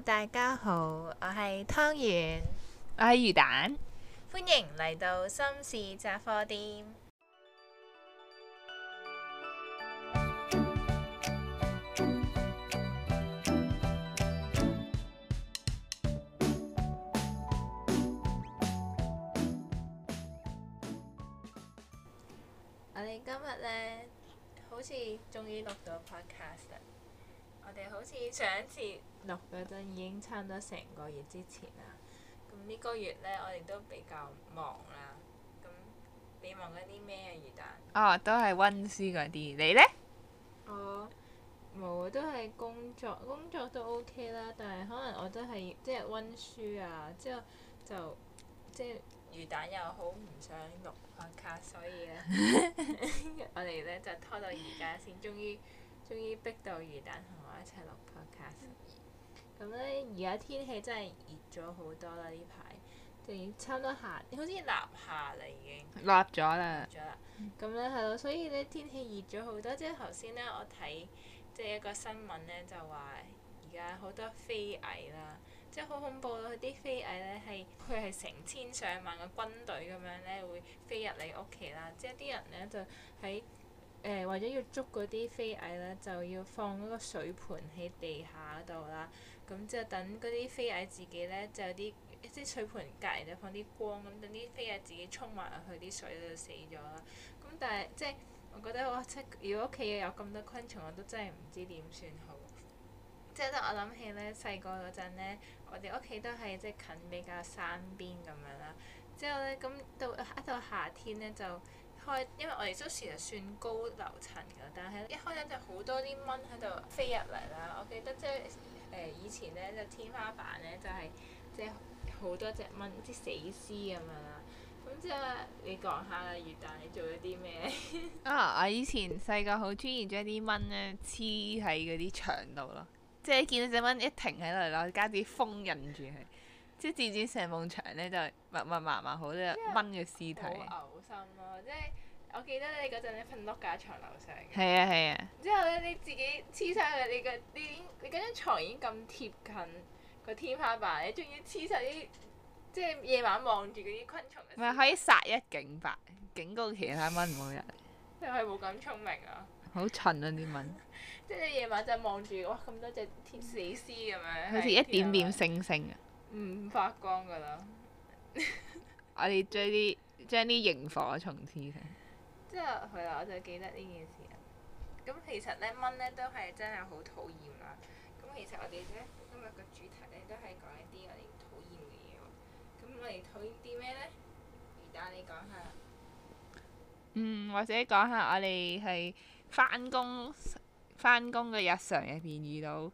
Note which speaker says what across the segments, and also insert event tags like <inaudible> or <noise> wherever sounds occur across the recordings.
Speaker 1: 大家好，我係湯圓，我係魚蛋，歡迎嚟到心事雜貨店。我哋今日咧，好似終於錄咗 Podcast 啦。我哋好似上一次錄嗰陣已經差唔多成個月之前啦，咁呢個月咧我哋都比較忙啦，咁你忙緊啲咩啊？魚蛋？哦，都係温書嗰啲，你咧？我冇，都係工作，工作都 OK 啦，但係可能我都係即係温書啊，之後就即係、就係、魚蛋又好唔想錄啊卡，所以咧，我哋咧就拖到而家先，終於～終於逼到魚蛋同我一齊錄 podcast，咁咧而家天氣真係熱咗好多啦呢排，仲要差唔多下，好似立夏啦已經。立咗啦。立咗啦。咁咧係咯，所以咧天氣熱咗好多。即係頭先咧，我睇即係一個新聞咧，就話而家好多飛蟻啦，即係好恐怖咯。啲飛蟻咧係佢係成千上萬個軍隊咁樣咧，會飛入你屋企啦。即係啲人咧就喺。誒，為咗要捉嗰啲飛蟻咧，就要放嗰個水盤喺地下度啦。咁就等嗰啲飛蟻自己咧，就有啲即係水盤隔籬就放啲光，咁等啲飛蟻自己衝埋去啲水就死咗啦。咁但係即係我覺得哇！即如果屋企有咁多昆蟲，我都真係唔知點算好。即係咧，我諗起咧，細個嗰陣咧，我哋屋企都係即係近比較山邊咁樣啦。之後咧，咁到一到夏天咧就～開，因為我哋宿舍算高樓層嘅，但係一開燈就好多啲蚊喺度飛入嚟啦。我記得即係誒以前咧，就天花板咧就係即係好多隻蚊，即、就係、死屍咁樣啦。咁之後你講下啦，元旦你做咗啲咩？ <laughs> 啊！我以前細個好中意將啲蚊咧黐喺嗰啲牆度咯，即係見到隻蚊一停喺度啦，我加啲風印住佢。即係自自成埲牆咧，就密密麻麻好多蚊嘅屍體。嘔心咯，啊，即係我記得你嗰陣你瞓碌架床樓上。係啊係啊。啊之後咧，你自己黐晒佢，你個你已經你嗰張床已經咁貼近個天花板，你仲要黐晒啲，即係夜晚望住嗰啲昆蟲。唔係可以殺一儆百，警告其他蚊冇入。即係佢冇咁聰明啊！好蠢啊啲蚊！即係夜晚就望住，哇！咁多隻死屍咁樣。好似，嗯、一點點星星啊！唔發光噶啦！ <laughs> <laughs> 我哋追啲將啲螢火蟲黐上。即係係啦，我就記得呢件事啦。咁其實咧，蚊咧都係真係好討厭啦。咁其實我哋咧今日嘅主題咧都係講一啲我哋討厭嘅嘢。咁我哋討厭啲咩咧？而家你講下。嗯，或者講下我哋係返工返工嘅日常入邊遇到。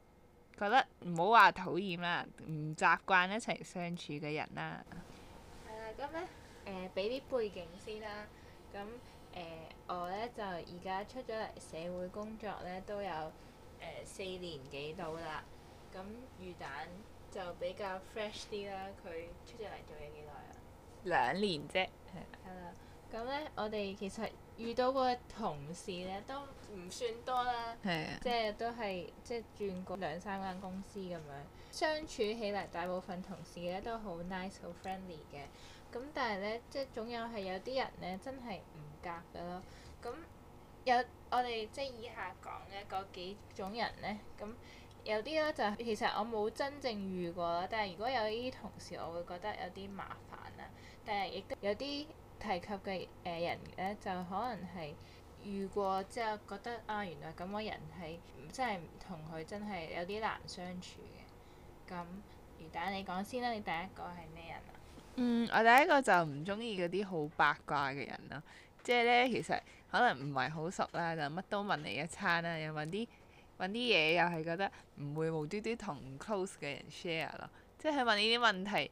Speaker 1: 覺得唔好話討厭啦，唔習慣一齊相處嘅人啦。係啊，咁咧誒，俾啲背景先啦。咁誒，我咧就而家出咗嚟社會工作咧，都有誒四年幾到啦。咁魚蛋就比較 fresh 啲啦。佢出咗嚟做嘢幾耐啊？兩年啫，係啊。 <noise> 咁咧，我哋其實遇到過嘅同事咧，都唔算多啦 Yeah.，即係都係即係轉過兩三間公司咁樣，相處起嚟大部分同事咧都好 nice 好 friendly 嘅，咁但係咧即係總有係有啲人咧真係唔夾噶咯。咁有我哋即係以下講嘅嗰幾種人咧，咁有啲咧就其實我冇真正遇過啦，但係如果有啲同事，我會覺得有啲麻煩啦，但係亦都有啲。提及嘅誒人咧，就可能係遇過之後覺得啊，原來咁嘅人係真係同佢真係有啲難相處嘅。咁魚蛋，你講先啦，你第一個係咩人啊？嗯，我第一個就唔中意嗰啲好八卦嘅人咯。即係咧，其實可能唔係好熟啦，就乜都問你一餐啦，又問啲揾啲嘢，又係覺得唔會無端端同 close 嘅人 share 咯。即係問呢啲問題。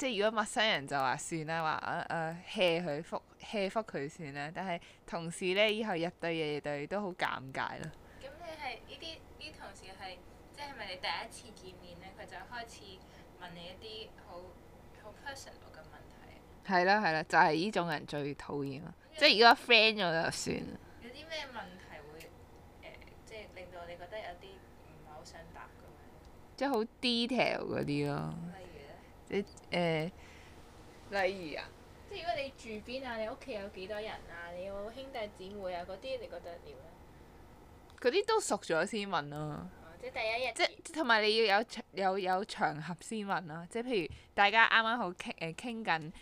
Speaker 1: 即係如果陌生人就話算啦，話啊啊 hea 佢復 hea 復佢算啦，但係同事咧以後日對夜對都好尷尬咯。咁、嗯、你係呢啲呢同事係即係咪你第一次見面咧？佢就開始問你一啲好好 personal 嘅問題。係啦係啦，就係、是、呢種人最討厭咯。嗯、即係如果 friend 咗就算啦。有啲咩問題會、呃、即係令到你覺得有啲唔係好想答咁樣。即係好 detail 嗰啲咯。嗯嗯嗯嗯。你誒、呃，例如啊，即係如果你住邊啊，你屋企有幾多人啊，你有冇兄弟姊妹啊嗰啲，你覺得點咧？嗰啲都熟咗先問咯、啊哦。即係第一日，即係同埋你要有場有有，有場合先問咯、啊。即係譬如大家啱啱好傾誒傾緊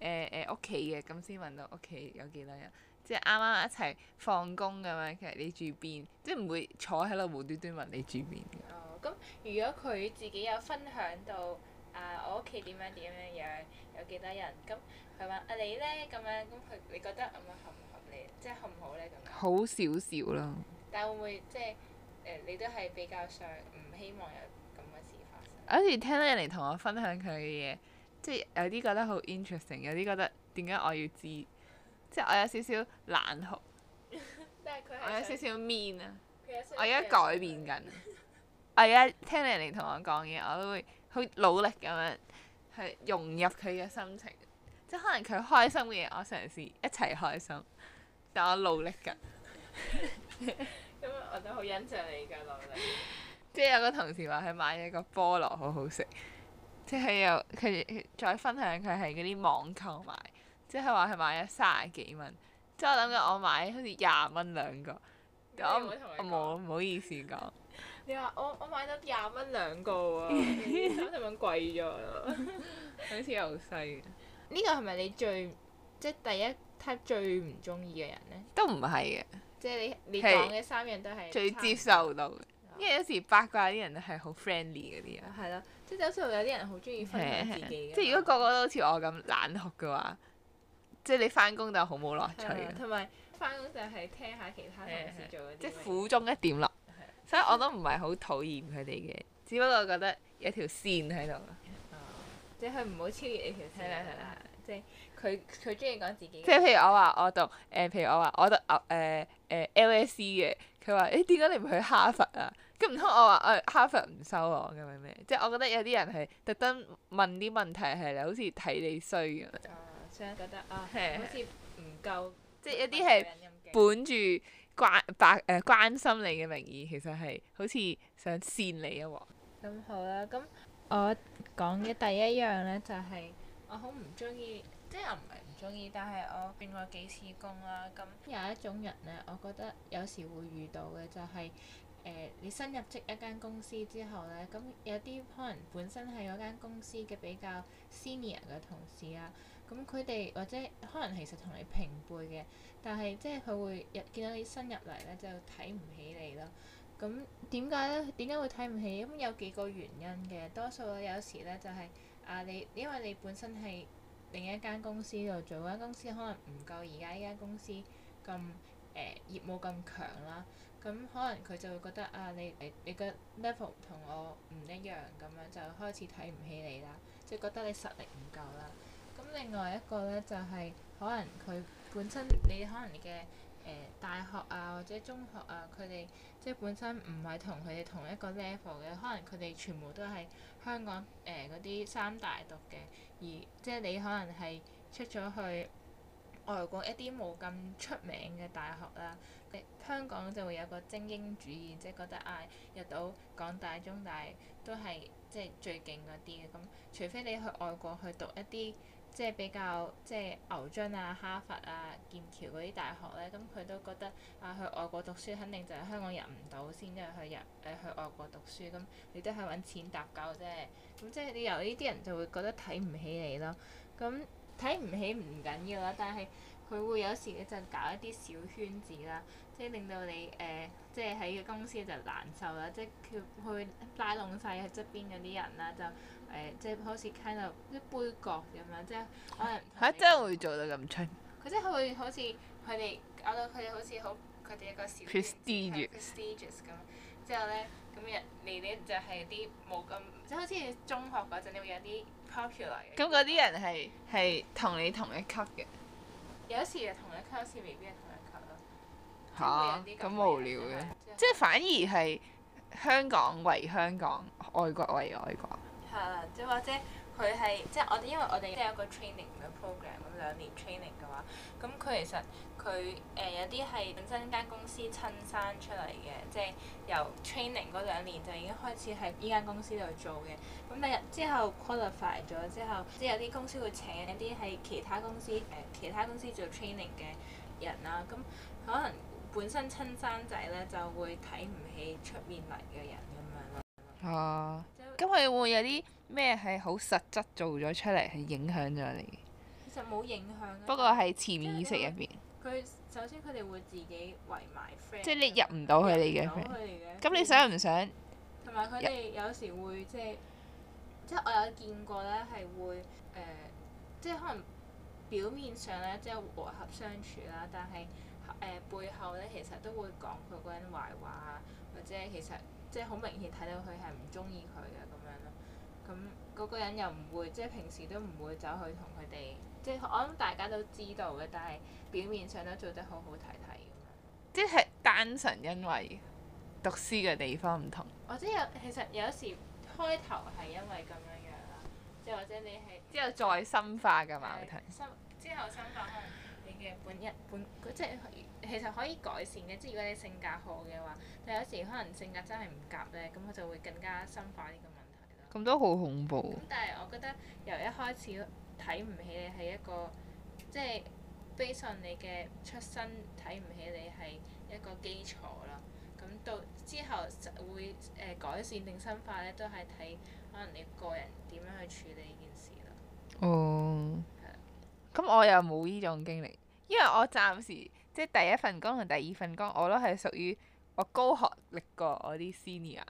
Speaker 1: 誒誒屋企嘅，咁、呃、先、呃、問到屋企有幾多人。即係啱啱一齊放工咁樣，其實你住邊？即係唔會坐喺度無端，端端問你住邊嘅、嗯。哦，咁如果佢自己有分享到。啊！我屋企點樣點樣樣，有幾多人？咁佢話：啊你咧咁樣？咁佢你覺得咁樣合唔合理？即係好唔好咧？咁樣好少少咯。但會唔會即係誒？你都係比較上唔希望有咁嘅事發生。我好似聽到人哋同我分享佢嘅嘢，即係有啲覺得好 interesting，有啲覺得點解我要知？即係我有少少懶惰。即係佢。我有少少面啊！我而家改變緊。我而家聽到人哋同我講嘢，我都會。好努力咁樣，去融入佢嘅心情，即係可能佢開心嘅嘢，我嘗試一齊開心，但我努力㗎。咁 <laughs> <music> 我都好欣賞你嘅努力。即係有個同事話佢買咗個菠蘿好好食，即佢又佢再分享佢係嗰啲網購買，即係話佢買咗卅幾蚊，即係我諗緊我買好似廿蚊兩個，咁我冇唔好意思講。你話我我買咗廿蚊兩個喎，啲衫點解貴咗啊？好似又細。呢 <laughs> <laughs> 個係咪你最即係、就是、第一級最唔中意嘅人咧？都唔係嘅。即係你你講嘅三樣都係最接受到嘅。因為有時八卦啲人係好 friendly 嗰啲啊。係咯、嗯，了即係就算有啲人好中意分享自己是是是是即係如果個個都好似我咁懶惰嘅話，即係你翻工就好冇樂趣是是。同埋翻工就係聽下其他同事做嗰即係苦中一點咯。所以我都唔係好討厭佢哋嘅，只不過我覺得有條線喺度。哦，即係佢唔好超越你條線啦，係啦。即係佢佢中意講自己。即係譬如我話我讀誒，譬如我話我讀牛誒 LSE 嘅，佢話誒，點解你唔去哈佛啊？咁唔通我話誒，哈佛唔收我咁樣咩？即係我覺得有啲人係特登問啲問題，係你好似睇你衰咁。啊，所以覺得啊，好似唔夠。即係有啲係本住。關百誒、呃、關心你嘅名義，其實係好似想扇你啊。咁好啦，咁我講嘅第一樣呢，就係、是、我好唔中意，即、就、係、是、我唔係唔中意，但係我轉過幾次工啦、啊。咁有一種人呢，我覺得有時會遇到嘅就係、是、誒、呃，你新入職一間公司之後呢，咁有啲可能本身係嗰間公司嘅比較 senior 嘅同事啊。咁佢哋或者可能其實同你平輩嘅，但係即係佢會入見到你新入嚟咧，就睇唔起你咯。咁點解咧？點解會睇唔起？咁有幾個原因嘅。多數有時咧就係、是、啊，你因為你本身係另一間公司度做，間公司可能唔夠而家呢間公司咁誒、呃、業務咁強啦。咁可能佢就會覺得啊，你你你個 level 同我唔一樣咁樣，就開始睇唔起你啦，即係覺得你實力唔夠啦。另外一個咧，就係、是、可能佢本身你可能嘅誒、呃、大學啊，或者中學啊，佢哋即係本身唔係同佢哋同一個 level 嘅，可能佢哋全部都係香港誒嗰啲三大讀嘅，而即係你可能係出咗去外國一啲冇咁出名嘅大學啦，你香港就會有個精英主義，即係覺得啊、哎、入到港大、中大都係即係最勁嗰啲嘅，咁，除非你去外國去讀一啲。即係比較，即係牛津啊、哈佛啊、劍橋嗰啲大學咧，咁佢都覺得啊，去外國讀書肯定就係香港入唔到先，再去入誒、啊、去外國讀書，咁你都係揾錢搭救啫。咁即係你由呢啲人就會覺得睇唔起你咯。咁睇唔起唔緊要啦，但係佢會有時咧就搞一啲小圈子啦，即係令到你誒、呃，即係喺個公司就難受啦，即係佢會拉攏晒喺側邊嗰啲人啦，就。誒、嗯、即係好似 kind of 杯一杯葛咁樣，即係可能嚇真係會做到咁盡。佢真係佢會好似佢哋搞到佢哋好似好佢哋一個小 prestigious，prestigious 咁。之後咧咁人你咧就係啲冇咁即係好似中學嗰陣，你會有啲 popular 嘅。咁嗰啲人係係同你同一級嘅。有時係同一級，好似未必係同一級咯。嚇！咁、啊、無聊嘅，即係反而係香港為香港，外國為外國。即、啊、或者佢係即係我哋，因為我哋即係有一個 training 嘅 program 咁兩年 training 嘅話，咁、嗯、佢其實佢誒、呃、有啲係本身間公司親生出嚟嘅，即係由 training 嗰兩年就已經開始喺依間公司度做嘅。咁第日之後 qualify 咗之後，即係有啲公司會請一啲喺其他公司誒、呃、其他公司做 training 嘅人啦、啊。咁、嗯、可能本身親生仔咧就會睇唔起出面嚟嘅人咁樣咯。啊。咁佢會有啲咩係好實質做咗出嚟，係影響咗你？其實冇影響。不過係潛意識入邊。佢首先佢哋會自己圍埋 friend。即係你入唔到佢哋嘅 friend。咁友你想唔想？同埋佢哋有時會即係，即係我有見過咧，係會誒，即係可能表面上咧即係和合相處啦，但係誒、呃、背後咧其實都會講佢個人壞話啊，或者其實。即係好明顯睇到佢係唔中意佢嘅咁樣咯，咁嗰個人又唔會，即係平時都唔會走去同佢哋，即係我諗大家都知道嘅，但係表面上都做得好好睇睇。即係單純因為讀書嘅地方唔同。或者有其實有時開頭係因為咁樣樣啦，即係或者你係之後再深化嘅矛盾。深之後深化可能。本一本，佢即係，其實可以改善嘅。即係如果你性格好嘅話，但有時可能性格真係唔夾咧，咁佢就會更加深化呢個問題。咁都好恐怖。咁但係我覺得由一開始睇唔起你係一個，即係 based on 你嘅出身，睇唔起你係一個基礎咯。咁到之後會誒、呃、改善定深化咧，都係睇可能你個人點樣去處理呢件事咯。哦、oh. 的。係。咁我又冇呢種經歷。因為我暫時即係第一份工同第二份工，我都係屬於我高學歷過我啲 senior，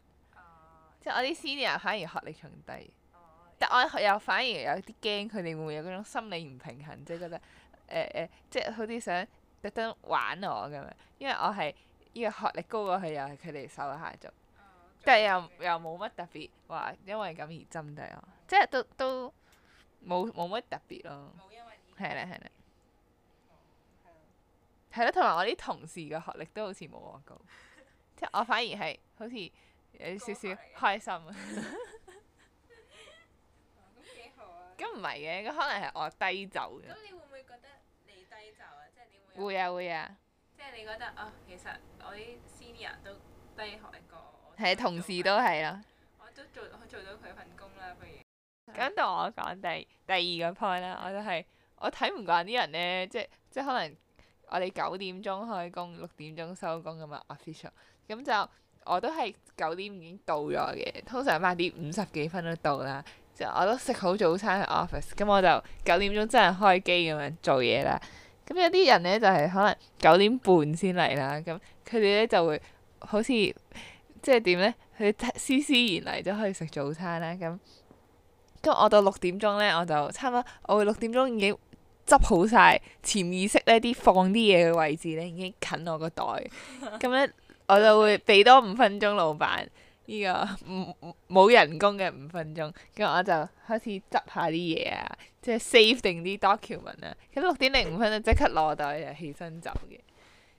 Speaker 1: 即係我啲 senior 反而學歷從低，但我又反而有啲驚佢哋會唔會有嗰種心理唔平衡，即係覺得誒誒，即係好似想特登玩我咁樣，因為我係呢個學歷高過佢，又係佢哋手下足，但係又又冇乜特別話，因為咁而針對我，即係都都冇冇乜特別咯，係啦係啦。係咯，同埋、啊、我啲同事嘅學歷都好似冇我高，即、就、係、是、我反而係好似有少少開心啊。咁、嗯、幾好啊！咁唔係嘅，咁可能係我低就嘅。咁、嗯、你會唔會覺得你低就啊？即、就、係、是、你會，會、啊。會啊會啊！即係你覺得啊、哦，其實我啲 senior 都低學歷過我，我。係同事都係咯、啊。我都做我做到佢份工啦，不如。咁到我講第第二個 point 啦、啊，我就係、是、我睇唔慣啲人咧，即係即係可能。我哋九點鐘開工，六點鐘收工咁嘛。official。咁就我都係九點已經到咗嘅，通常八點五十幾分都到啦。就我都食好早餐去 office，咁我就九點鐘真係開機咁樣做嘢啦。咁有啲人咧就係、是、可能九點半先嚟啦，咁佢哋咧就會好似即係點咧，佢哋斯斯然嚟都可以食早餐啦。咁，咁我到六點鐘咧，我就差唔多，我會六點鐘已經。執好晒潛意識呢啲放啲嘢嘅位置呢，已經近我個袋，咁 <laughs> 樣我就會俾多五分鐘老闆，呢、呢個冇人工嘅五分鐘，咁我就開始執下啲嘢啊，即係 save 定啲 document 啊，咁六點零五分就即刻攞袋就起身走嘅。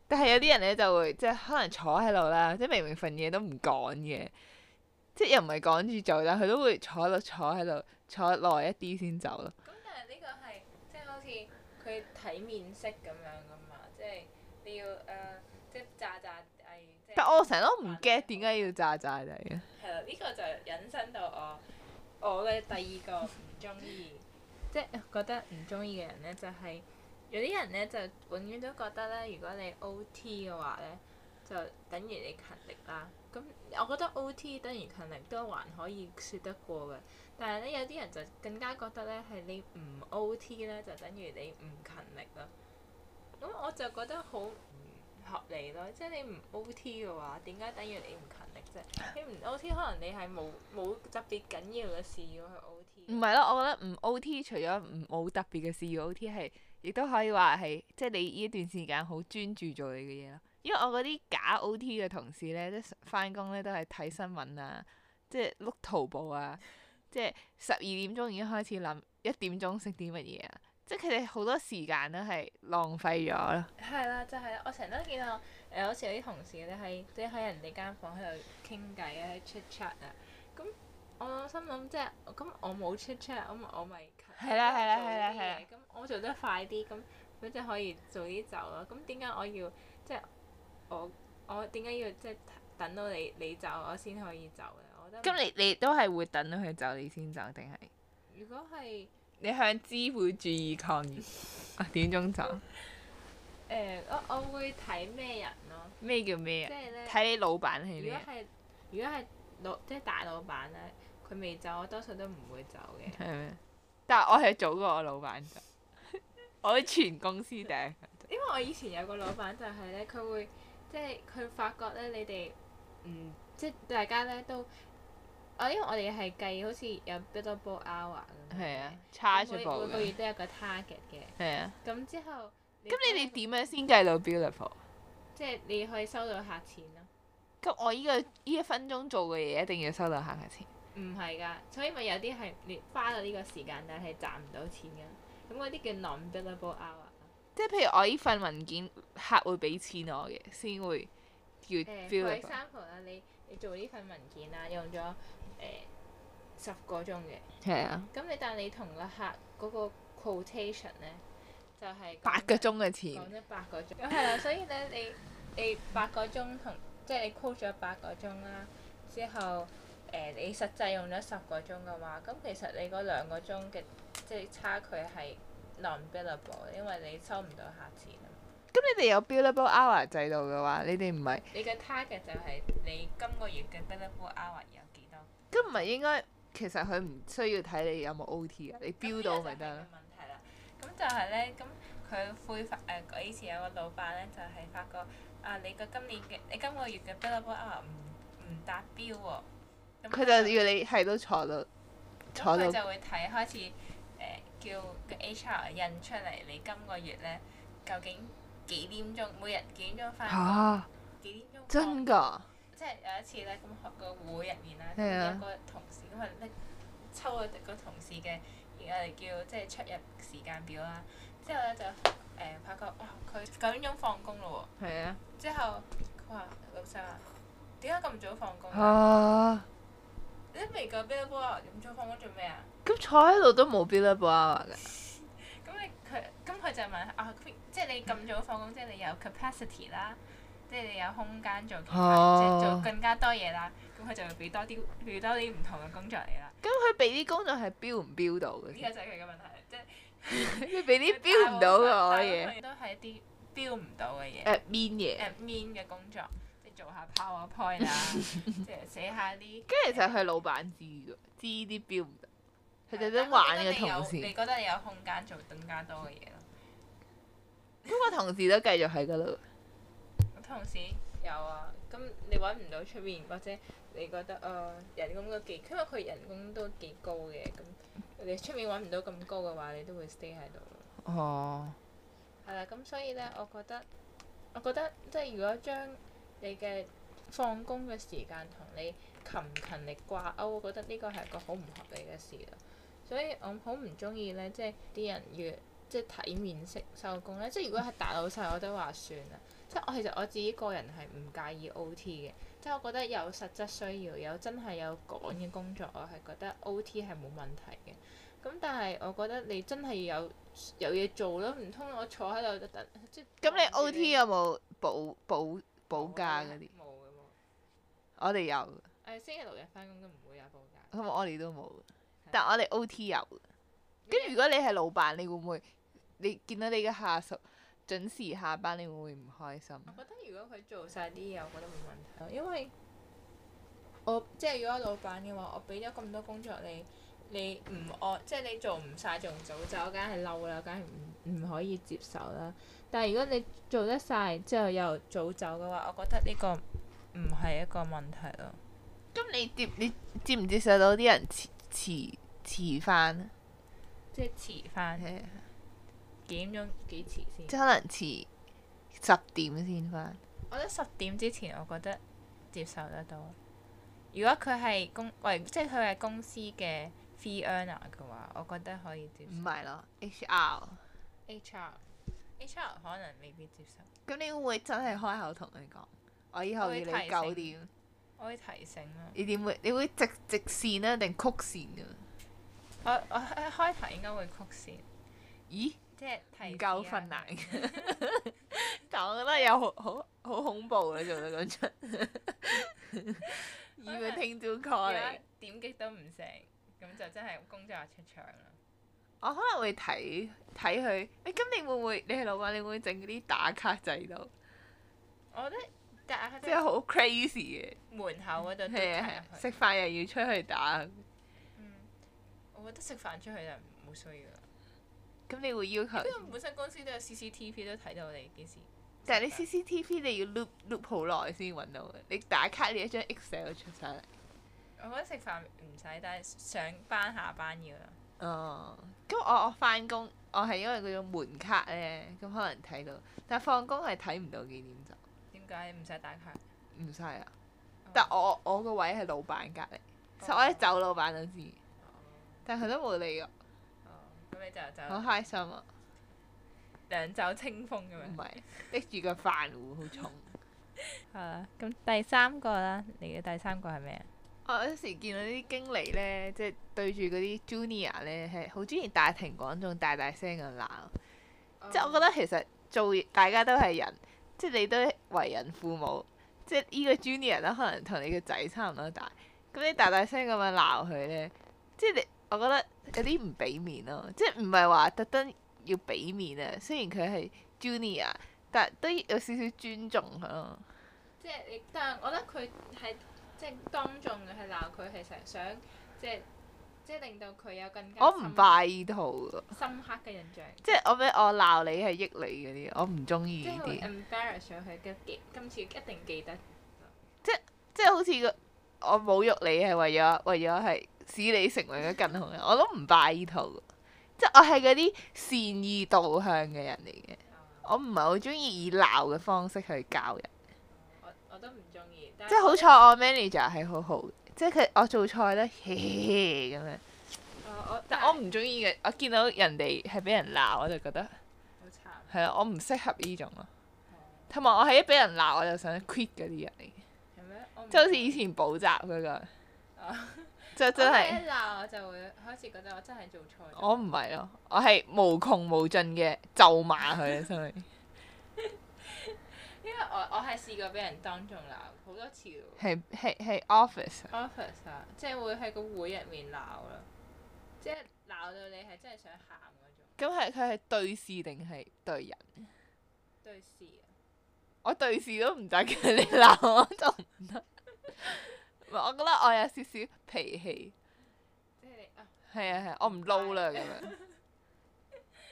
Speaker 1: 但係有啲人呢，就會即係可能坐喺度啦，即係明明份嘢都唔趕嘅，即係又唔係趕住做，但佢都會坐喺度，坐喺度，坐耐一啲先走咯。好似佢睇面色咁樣㗎嘛，即係你要誒，uh, 即係炸炸。但係我成日都唔 get 點解要炸炸你嘅。係啦，呢個就引申到我我嘅第二個唔中意，即係 <laughs> 覺得唔中意嘅人呢，就係有啲人呢，就永遠都覺得呢，如果你 OT 嘅話呢，就等於你勤力啦。咁我覺得 OT 等於勤力都還可以説得過嘅。但係咧，有啲人就更加覺得咧，係你唔 O.T. 咧，就等於你唔勤力咯。咁我就覺得好唔合理咯。即係你唔 O.T. 嘅話，點解等於你唔勤力啫？ <laughs> 你唔 O.T. 可能你係冇冇特別緊要嘅事要去 O.T. 唔係咯？我覺得唔 O.T. 除咗唔冇特別嘅事要 O.T. 係，亦都 <laughs> 可以話係，即、就、係、是、你呢段時間好專注做你嘅嘢咯。因為我嗰啲假 O.T. 嘅同事咧，即翻工咧都係睇新聞啊，即係碌淘 o 啊。 <laughs> 即係十二點鐘已經開始諗，一點鐘食啲乜嘢啊？即係佢哋好多時間都係浪費咗咯。係啦，就係啦，我成日都見到誒，有時有啲同事咧喺即係喺人哋間房喺度傾偈啊，喺 chat chat 啊。咁我心諗即係咁，我冇 chat chat，咁我咪係啦係啦係啦係。咁我,我,我,我做得快啲，咁咁即係可以早啲走咯。咁點解我要即係我我點解要即係等到你你走我先可以走咁你你都係會等到佢走你先走定係？如果係你向資本主義抗議啊？Oh，點鐘走？誒、嗯，我我會睇咩人咯。哦？咩叫咩人啊？即係咧，睇你老闆係咩？如果係如果係老即係、就是、大老闆咧，佢未走，我多數都唔會走嘅。係咩？但係我係早過我老闆走， <laughs> 我喺全公司頂。因為我以前有個老闆就係、是、咧，佢會即係佢發覺咧，你哋唔即係大家咧都。我因為我哋係計好似有 billable hour 咁，係啊，差出每個月都有一個 target 嘅。係啊。咁之後，咁你哋點樣先計到 billable？即係你可以收到客錢咯。咁我呢、呢個呢一、呢個、分鐘做嘅嘢一定要收到客嘅錢。唔係㗎，所以咪有啲係花咗呢個時間，但係賺唔到錢㗎。咁嗰啲叫 non billable hour。即係譬如我呢份文件，客會俾錢我嘅，先會叫 billable。誒、欸，舉個 example 啦，你你做呢份文件啊，用咗，誒、呃、十個鐘嘅，係啊，咁你的但係你同個客嗰個 quotation 咧，就係、是、八,八個鐘嘅錢講咗八個鐘，咁係啦、 <laughs> 嗯。所以咧，你你八個鐘同即係你 call 咗八個鐘啦，之後誒、呃、你實際用咗十個鐘嘅話，咁其實你嗰兩個鐘嘅即係差距係 non billable，因為你收唔到客錢咁，嗯、你哋有 billable hour 制度嘅話，你哋唔係你嘅 target 就係你今個月嘅 billable hour 有。咁唔係應該，其實佢唔需要睇你有冇 O.T.，啊，你標到咪得咯。問題啦，咁就係咧，咁佢會發誒，呃、以前有個老闆咧，就係、是、發覺啊，你個今年嘅你今個月嘅 billable hour 唔唔達標喎、哦。佢就要你係都坐到坐到。咁佢就會睇開始誒、呃、叫個 H.R. 印出嚟，你今個月咧究竟幾點鐘每日幾點鐘翻？嚇、啊！幾點鐘真㗎！即係有一次咧，咁學個會入面啦，啊、有個同事，因為咧抽咗個同事嘅，誒嚟叫即係出入時間表啦。之後咧就誒、呃、發覺，哇！佢九點鐘放工咯。喎。啊。之後佢話：老細話點解咁早放工？啊！你都未夠，billable，咁早放工做咩啊？咁坐喺度都冇 billable 嘅。咁你佢咁佢就問啊，即係你咁早放工，即係你有 capacity 啦。即係你有空間做其他，即係做更加多嘢啦。咁佢就會俾多啲，俾多啲唔同嘅工作你啦。咁佢俾啲工作係標唔標到嘅？呢個就係佢嘅問題，即係你俾啲標唔到嘅嘢。都係一啲標唔到嘅嘢。Admin 嘢。Admin 嘅工作，即係做下 PowerPoint 啊，即係寫下啲。跟住其實佢老闆知㗎，知啲標唔到。佢特登玩個同事。你覺得你有空間做更加多嘅嘢咯？嗰個同事都繼續喺嗰度。同時有啊，咁你揾唔到出面，或者你覺得啊、呃、人工都幾，因為佢人工都幾高嘅，咁你出面揾唔到咁高嘅話，你都會 stay 喺度哦。係啦、oh.，咁所以咧，我覺得我覺得即係如果將你嘅放工嘅時間同你勤唔勤力掛鈎，我覺得呢個係一個好唔合理嘅事咯。所以我好唔中意咧，即係啲人越。即係體面式收工咧，即係如果係大老細，我都話算啦。即係我其實我自己個人係唔介意 OT 嘅，即係我覺得有實質需要，有真係有趕嘅工作，我係覺得 OT 係冇問題嘅。咁但係我覺得你真係有有嘢做咯，唔通我坐喺度就等，即咁你 OT 有冇補補補假嗰啲？冇嘅冇。我哋有。哎，星期六日翻工都唔會有補假。咁我哋都冇，嗎但我哋 OT 有。咁麼如果你係老闆，你會唔會？你見到你嘅下屬準時下班，你會唔會唔開心？我覺得如果佢做晒啲嘢，我覺得冇問題咯，因為我即係如果老闆嘅話，我俾咗咁多工作你，你唔按即係你做唔晒，仲早走，梗係嬲啦，梗係唔唔可以接受啦。但係如果你做得晒，之後又早走嘅話，我覺得呢個唔係一個問題咯。咁你接你接唔接受到啲人遲遲遲返？即係遲返嘅。幾點鐘幾遲先？即係可能遲十點先翻。我覺得十點之前，我覺得接受得到。如果佢係公，喂，即係佢係公司嘅 fee earner 嘅話，我覺得可以接受。唔係咯，H R，H R，H R 可能未必接受。咁你會唔會真係開口同佢講？我以後要你九點我。我會提醒咯。你點會？你會直直線啊，定曲線㗎？我我開頭應該會曲線。咦？即唔、啊、夠困難嘅， <laughs> <laughs> 但我覺得有好好好恐怖，你做到咁出，
Speaker 2: 依個聽朝 call 嚟，
Speaker 1: 點擊都唔成，咁 <laughs> 就真係工作出場啦。我可能會睇睇佢，誒咁你會唔會？你係老闆，你會唔會整嗰啲打卡制度？我覺得即係好 crazy 嘅。門口嗰度。係啊係，食飯又要出去打。嗯、我覺得食飯出去就冇需要。咁你會要求？因為本身公司都有 CCTV 都睇到你幾時，但係你 CCTV 你要 loop loop 好耐先揾到嘅，你打卡你一張 Excel 出曬嚟。我覺得食飯唔使，但係上班下班要咯。哦，咁我我翻工，我係因為嗰種門卡咧，咁可能睇到，但係放工係睇唔到幾點走。點解唔使打卡？唔使啊！Oh. 但我我個位係老闆隔離，oh. 所以我一走老闆、oh. 都知，但係佢都冇理我。咁你就就好開心啊！兩袖清風咁樣。唔係拎住個飯壺好重。係啊，咁第三個啦，你嘅第三個係咩啊？我有時見到啲經理咧，即係對住嗰啲 junior 咧，係好中意大庭廣眾大大聲咁鬧。即係我覺得其實做大家都係人，即係你都為人父母，即係呢個 junior 咧，可能同你個仔差唔多大。咁你大大聲咁樣鬧佢咧，即係你。我覺得有啲唔俾面咯，即係唔係話特登要俾面啊？雖然佢係 junior，但係都有少少尊重佢咯。即係你，但係我覺得佢係即係當眾係鬧佢，其實想即係即係令到佢有更加……我唔拜呢套。深刻嘅印象。即係我俾我鬧你係益你嗰啲，我唔中意呢啲。即係 embarrass 佢，今次一定記得。即係即係好似個我侮辱你係為咗為咗係。使你成為咗更好嘅，我都唔拜呢套，即係我係嗰啲善意導向嘅人嚟嘅，啊、我唔係好中意以鬧嘅方式去教人。我，我都唔中意。即係好彩我 manager 係好好，即係佢我做菜咧，嘻嘻咁樣，哦。我但，但我唔中意嘅，我見到人哋係俾人鬧，我就覺得好慘。係啊，我唔適合呢種啊。同埋我係一俾人鬧，我就想 quit 嗰啲人嚟嘅。即係好似以前補習嗰、嗰個。啊 <laughs> 即係真係，我一鬧我就會開始覺得我真係做錯。我唔係咯，我係無窮無盡嘅咒罵佢啊！真係，因為我我係試過俾人當眾鬧好多次喎。係係係 office。office 啊，即係會喺個會入面鬧啦，即係鬧到你係真係想喊嗰種。咁係佢係對事定係對人？對事，我對事都唔得嘅，你鬧我就唔得。我覺得我有少少脾氣。即係你啊。係啊，啊我唔撈啦咁樣。嗯、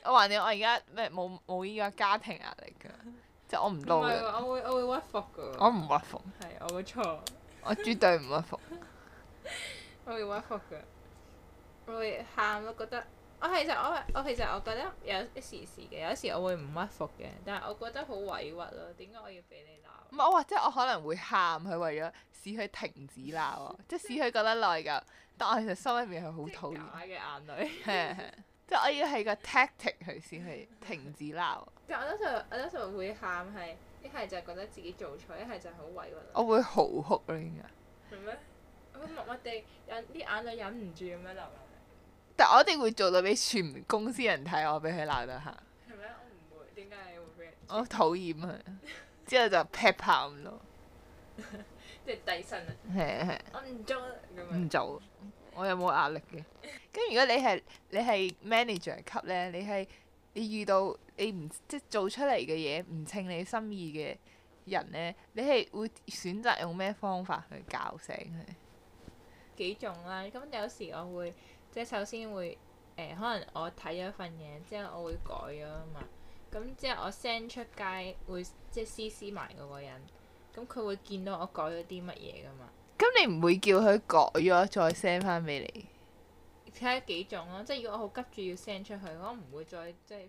Speaker 1: 我懷念我而家咩冇冇依個家庭壓力㗎，即、就是、我唔撈嘅。我會我會屈服嘅。我唔屈服。係我嘅錯。我絕對唔屈服。我會屈服，屈服 <laughs> 我會喊咯，覺得我其實我我其實我覺得有一時時嘅，有時我會唔屈服嘅，但係我覺得好委屈咯。點解我要俾你鬧？唔我話，即我可能會喊，佢為咗使佢停止鬧，即使佢覺得內疚。 <laughs> 但我其實心裏面係好討厭嘅眼淚。即 <laughs> 係我要係個 tactic 佢先 <laughs> 去停止鬧。但我通常我通常會喊係一係就覺得自己做錯，一係就係好委屈。我會嚎哭咯，應該。係咩？我默默地忍啲眼淚忍唔住咁樣流。嗯、 <laughs> <laughs> 但我一定會做到俾全公司人睇我俾佢鬧得喊。係咩？我唔會，點解？ <laughs> 我討厭佢。 <laughs> <laughs> <laughs> 之後就劈炮咁咯，即係遞信啊。係啊係。我唔做唔做，我又冇壓力嘅。咁 <laughs> 如果你係你係 manager 級咧，你係你，你遇到你唔即係做出嚟嘅嘢唔稱你心意嘅人咧，你係會選擇用咩方法去教醒佢？幾種啦，咁有時我會即係首先會誒、呃，可能我睇咗份嘢之後，我會改咗啊嘛。咁之後我 send 出街會即係 cc 埋嗰個人，咁、嗯、佢會見到我改咗啲乜嘢噶嘛？咁你唔會叫佢改咗再 send 翻俾你？睇下幾種咯，即係如果我好急住要 send 出去，我唔會再即係。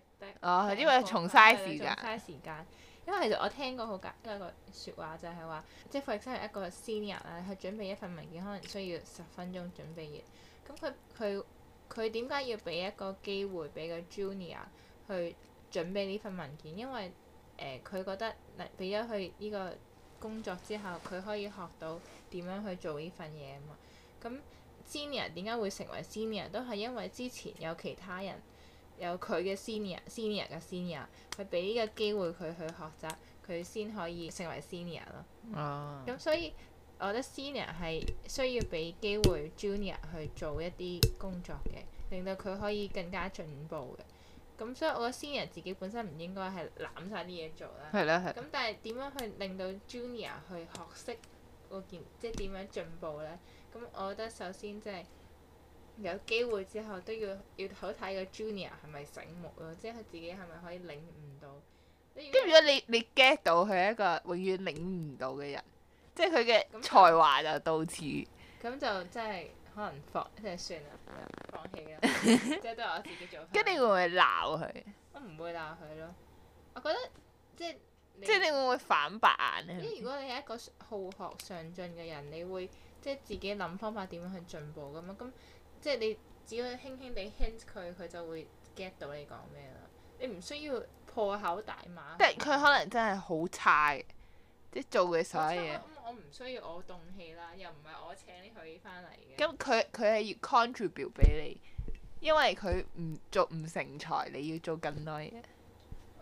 Speaker 1: 哦，back, 因為重嘥時間。重嘥時間。因為其實我聽過好簡單一個説話，就係、是、話，即係副業真係一個 senior 咧，佢準備一份文件可能需要十分鐘準備完。咁佢佢佢點解要俾一個機會俾個 junior 去？準備呢份文件，因為誒佢、呃、覺得嗱，俾咗佢呢個工作之後，佢可以學到點樣去做呢份嘢啊嘛。咁 senior 點解會成為 senior，都係因為之前有其他人有佢嘅 senior，senior 嘅 <music> senior，佢俾 sen 呢個機會佢去學習，佢先可以成為 senior 咯。咁所以我覺得 senior 係需要俾機會 junior 去做一啲工作嘅，令到佢可以更加進步嘅。咁所以，我覺得 senior 自己本身唔應該係攬晒啲嘢做啦。係啦係。咁但係點樣去令到 junior 去學識個件，即係點樣進步咧？咁我覺得首先即係有機會之後都要要好睇個 junior 係咪醒目咯，即係佢自己係咪可以領悟到？跟住如,如果你你 get 到佢係一個永遠領悟唔到嘅人，那即係佢嘅才華就到此。咁就即係。可能放即係算啦，放棄啦，即係都係我自己做。跟住 <laughs> 你會唔會鬧佢？我唔會鬧佢咯，我覺得即係即係你會唔會反白眼咧？即係如果你係一個好學上進嘅人，你會即係自己諗方法點樣去進步㗎嘛？咁即係你只要輕輕地 hint 佢，佢就會 get 到你講咩啦。你唔需要破口大罵。即係佢可能真係好差。 <laughs> 即做嘅所有嘢，咁我唔需要我動氣啦，又唔係我請呢佢翻嚟嘅。咁佢佢係要 contribute 俾你，因為佢唔做唔成才，你要做更多嘢。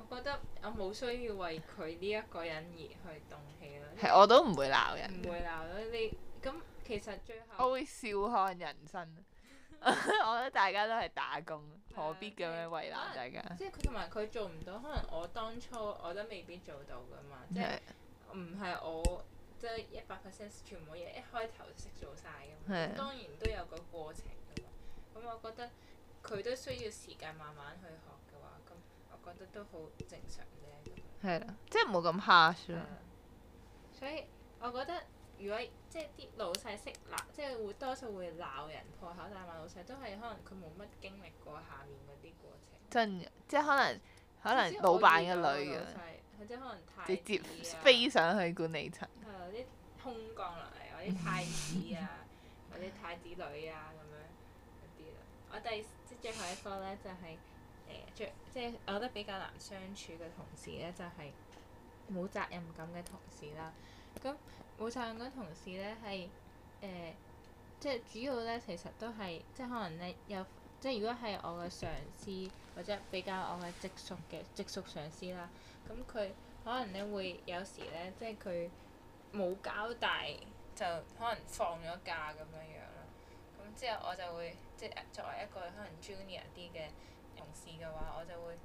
Speaker 1: 我覺得我冇需要為佢呢一個人而去動氣咯。係，我都唔會鬧人。唔會鬧咯你，咁其實最後我會笑看人生。 <laughs> <laughs> 我覺得大家都係打工， <laughs> 何必咁樣為難大家？即係佢同埋佢做唔到，可能我當初我都未必做到噶嘛，即、就、係、是。Yeah. 唔係我即係一百 percent 全部嘢一開頭識做晒嘅嘛，的當然都有個過程嘅嘛。咁我覺得佢都需要時間慢慢去學嘅話，咁我覺得都好正常啫。係啦，即係唔好咁 harsh 啦。所以，我覺得如果即係啲老細識鬧，即係會多數會鬧人破口大罵，老細都係可能佢冇乜經歷過下面嗰啲過程。真，即係可能可能老闆嘅女的佢即可能直、啊、接飛上去管理層，係啲、嗯、空降落嚟，或者太子啊， <laughs> 或者太子女啊咁樣嗰啲啦。我第即最後一個咧就係、是、誒、欸、最即係我覺得比較難相處嘅同事咧就係、是、冇責任感嘅同事啦。咁冇責任感同事咧係誒即係主要咧其實都係即係可能咧有。即係如果係我嘅上司或者比較我嘅直屬嘅直屬上司啦，咁佢可能咧會有時咧，即係佢冇交代就可能放咗假咁樣樣咯。咁之後我就會即係作為一個可能 junior 啲嘅同事嘅話，我就會誒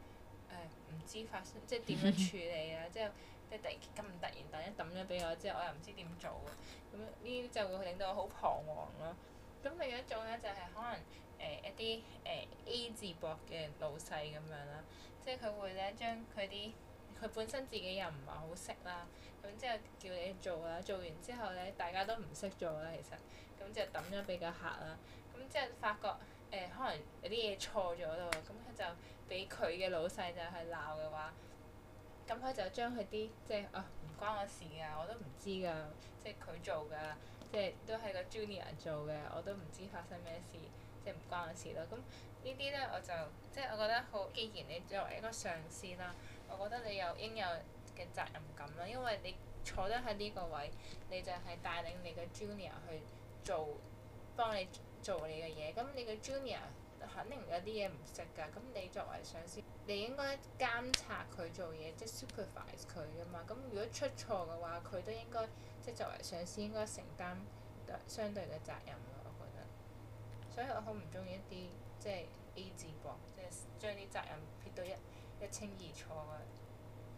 Speaker 1: 唔知發生即係點樣處理啊！ <laughs> 之後即係突然咁唔突然，突然抌咗俾我，之後我又唔知點做嘅，咁樣呢就會令到我好彷徨咯。咁另一種咧就係可能。誒、呃、一啲誒、呃、A 字膊嘅老細咁樣啦，即係佢會咧將佢啲佢本身自己又唔係好識啦，咁之後叫你做啦，做完之後咧大家都唔識做啦，其實，咁就揼咗俾個客啦，咁之後發覺誒、呃、可能有啲嘢錯咗咯，咁佢就俾佢嘅老細就去鬧嘅話，咁佢就將佢啲即係啊唔關我事㗎，我都唔知㗎，即係佢做㗎，即係都係個 junior 做嘅，我都唔知發生咩事。唔關我事咯，咁呢啲咧我就即係我覺得好。既然你作為一個上司啦，我覺得你有應有嘅責任感啦，因為你坐得喺呢個位，你就係帶領你嘅 junior 去做，幫你做，做你嘅嘢。咁你嘅 junior 肯定有啲嘢唔識㗎，咁你作為上司，你應該監察佢做嘢，即係 supervise 佢㗎嘛。咁如果出錯嘅話，佢都應該即係作為上司應該承擔相對嘅責任。所以我好唔中意一啲即係 A 字博，即係將啲責任撇到一一清二楚嘅，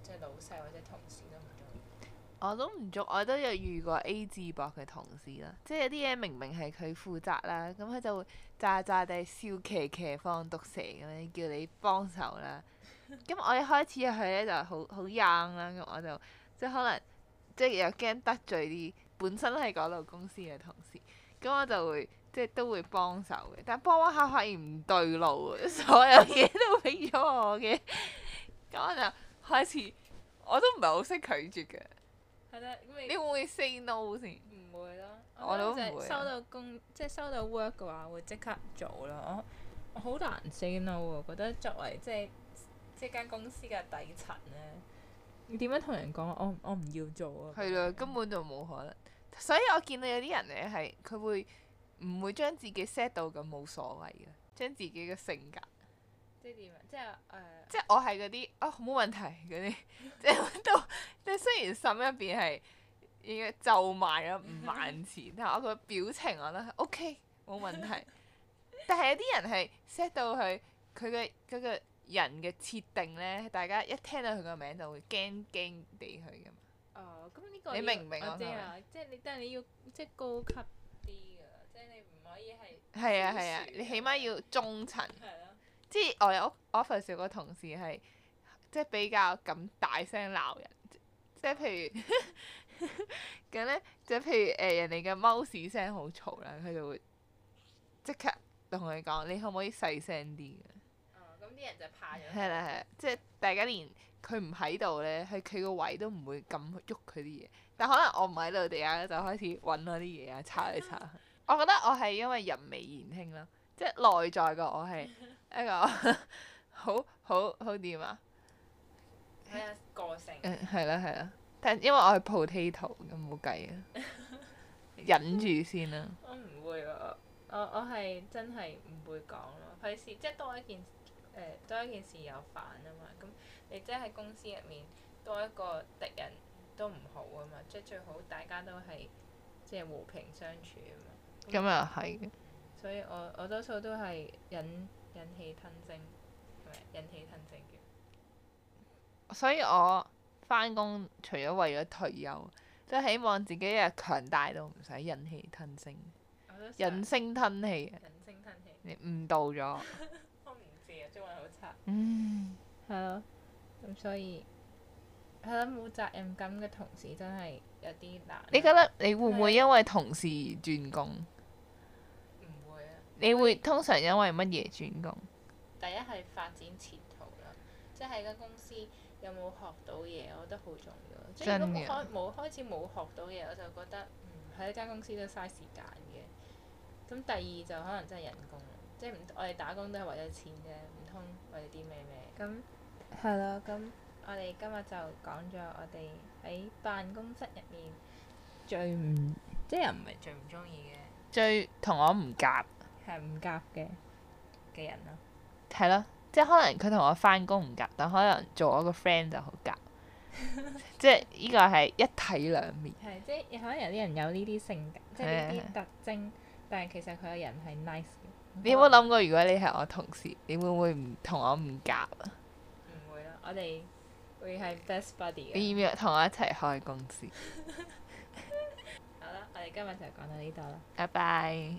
Speaker 1: 即係老細或者同事都唔中意，我都唔中，我都有遇過 A 字博嘅同事啦。即係有啲嘢明明係佢負責啦，咁佢就會咋咋地笑騎騎放毒蛇咁樣叫你幫手啦。咁 <laughs> 我一開始入去咧就好好硬啦，咁我就即係可能即係又驚得罪啲本身係嗰度公司嘅同事，咁我就會。即係都會幫手嘅，但幫翻下發現唔對路啊！所有嘢都俾咗我嘅，咁 <laughs> 我就開始我都唔係好識拒絕嘅。係咯，你會唔會 say no 先？唔會咯，我即係收到工，即係收到 work 嘅話，會即刻做咯。我好難 say no 喎，覺得作為即係即係間公司嘅底層咧，你點樣同人講？我我唔要做啊！係咯的，以根本就冇可能。所以我見到有啲人咧係佢會。唔會將自己 set 到咁冇所謂嘅，將自己嘅性格即係點？即係誒、呃哦，即係我係嗰啲哦，冇問題嗰啲，即係到即係雖然心入邊係已經咒埋咗唔萬次，但係我個表情我都 OK 冇問題。 <laughs> 但係有啲人係 set 到佢佢嘅嗰個人嘅設定咧，大家一聽到佢個名就會驚驚地佢噶嘛。哦，咁呢個你明唔明我剛剛、哦？我知啊，即係你，但係你要即係高級。係啊係啊，啊啊你起碼要中層，啊、即係我有 office 有個同事係即係比較咁大聲鬧人，即係譬如咁咧， <laughs> <laughs> 即譬如誒、呃、人哋嘅 mouse 聲好嘈啦，佢就會即刻同佢講，你可唔可以細聲啲啊？咁啲、哦、人就怕咗。係啦係即係大家連佢唔喺度咧，佢佢個位都唔會咁喐佢啲嘢，但可能我唔喺度，地下就開始揾我啲嘢啊，查一查。 <laughs> 我覺得我係因為人微言輕啦，即係內在個我係一個 <laughs> <laughs> 好好好點啊？睇下個性、啊。誒係啦係啦，但因為我係 potato 咁冇計啊， <laughs> 忍住先啦、啊。我唔會喎，我我係真係唔會講咯。費事即係多一件誒、呃、多一件事有煩啊嘛。咁你即係喺公司入面多一個敵人都唔好啊嘛。即係最好大家都係即係和平相處啊嘛。咁又係嘅，所以我我多數都係忍，忍氣吞聲，係咪忍氣吞聲嘅？所以我翻工除咗為咗退休，即係希望自己一日強大到唔使忍氣吞聲，忍聲吞氣嘅。忍聲吞氣，忍聲吞氣，你誤導咗。 <laughs> 我唔知啊，中文好差。嗯，係咯， <laughs> 咁所以係咯，冇責任感嘅同事真係有啲難。你覺得你會唔會因為同事而轉工？你會通常因為乜嘢轉工？第一係發展前途啦，即係間公司有冇學到嘢，我覺得好重要。真嘅。即係冇開冇開始冇學到嘢，我就覺得喺一間公司都嘥時間嘅。咁第二就可能真係人工，即係唔我哋打工都係為咗錢啫，唔通為咗啲咩咩？咁係咯，咁我哋今日就講咗我哋喺辦公室入面最唔即係又唔係最唔中意嘅，最同我唔夾。係唔夾嘅嘅人咯，係咯，即係可能佢同我翻工唔夾，但可能做我個 friend 就好夾， <laughs> 即係呢個係一體兩面。係 <laughs> 即係可能有啲人有呢啲性格，即係呢啲特徵，對對對，但係其實佢個人係 nice 嘅。你有冇諗過如果你係我同事，你會唔會唔同我唔夾啊？唔 <laughs> 會咯，我哋會係 best buddy。 <laughs> 你意唔意同我一齊開公司？ <laughs> <laughs> 好啦，我哋今日就講到呢度啦。拜拜。